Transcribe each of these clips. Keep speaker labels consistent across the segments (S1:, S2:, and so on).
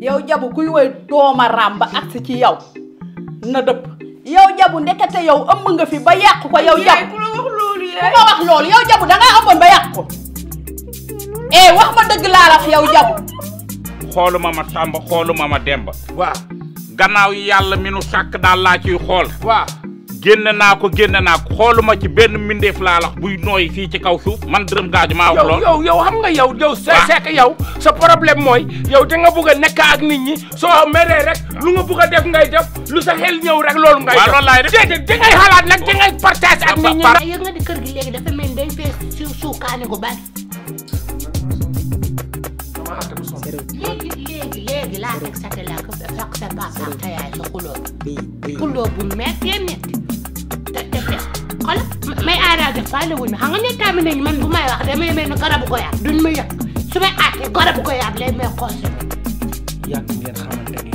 S1: yow jabu kuy woy dooma raam ba agsi ci yow na dëpp yow jabu ndekete yow ëmb nga fi ba yàq ko yow jabu ku ma wax loolu yow jabu dangaa ëmboon ba yàq ko eh wax ma dëgg laa la jabu
S2: xooluma ma Samba xooluma ma Demba waaw gannaaw yàlla mi nu sàkk daal laa ciy xool waaw génne naa ko génne naa ko xooluma ci benn mbindeef laa lax buy nooy fii ci kaw suuf man dërëm gaaju maa wax lool yow yow xam nga yow yow seek yow sa problème mooy yow da nga bëgg a nekk ak nit ñi soo meree rek lu nga bëgg a def ngay def lu sa xel ñëw rek loolu ngay def waaw loolu laay def déedéet da ngay xalaat nag da ngay partage ak nit ñi
S1: yëg nga di kër gi léegi dafa mel dañ fee su suukaane gu bari léegi léegi léegi laa teg sa te laa ko fekk sa papa ak sa yaay sa xuloo xuloo bu mettee metti def faale wuñ ma xam nga ne tamit nañ man bu may wax damay mel ni garabu ko yaab duñ ma yëg su may àttee garabu ko yaab lay may xoos
S2: yàgg ngeen xamante ne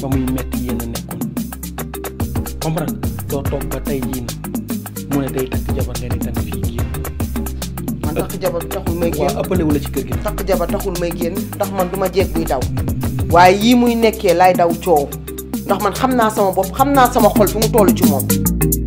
S2: ba muy metti yéen a nekkoon comprendre
S3: doo toog man takk jabar taxul may génn ci kër gi takk jabar may génn ndax man du ma jeeg buy daw waaye yii muy nekkee laay daw coow ndax man xam naa sama bopp xam naa sama xol fi mu tollu ci moom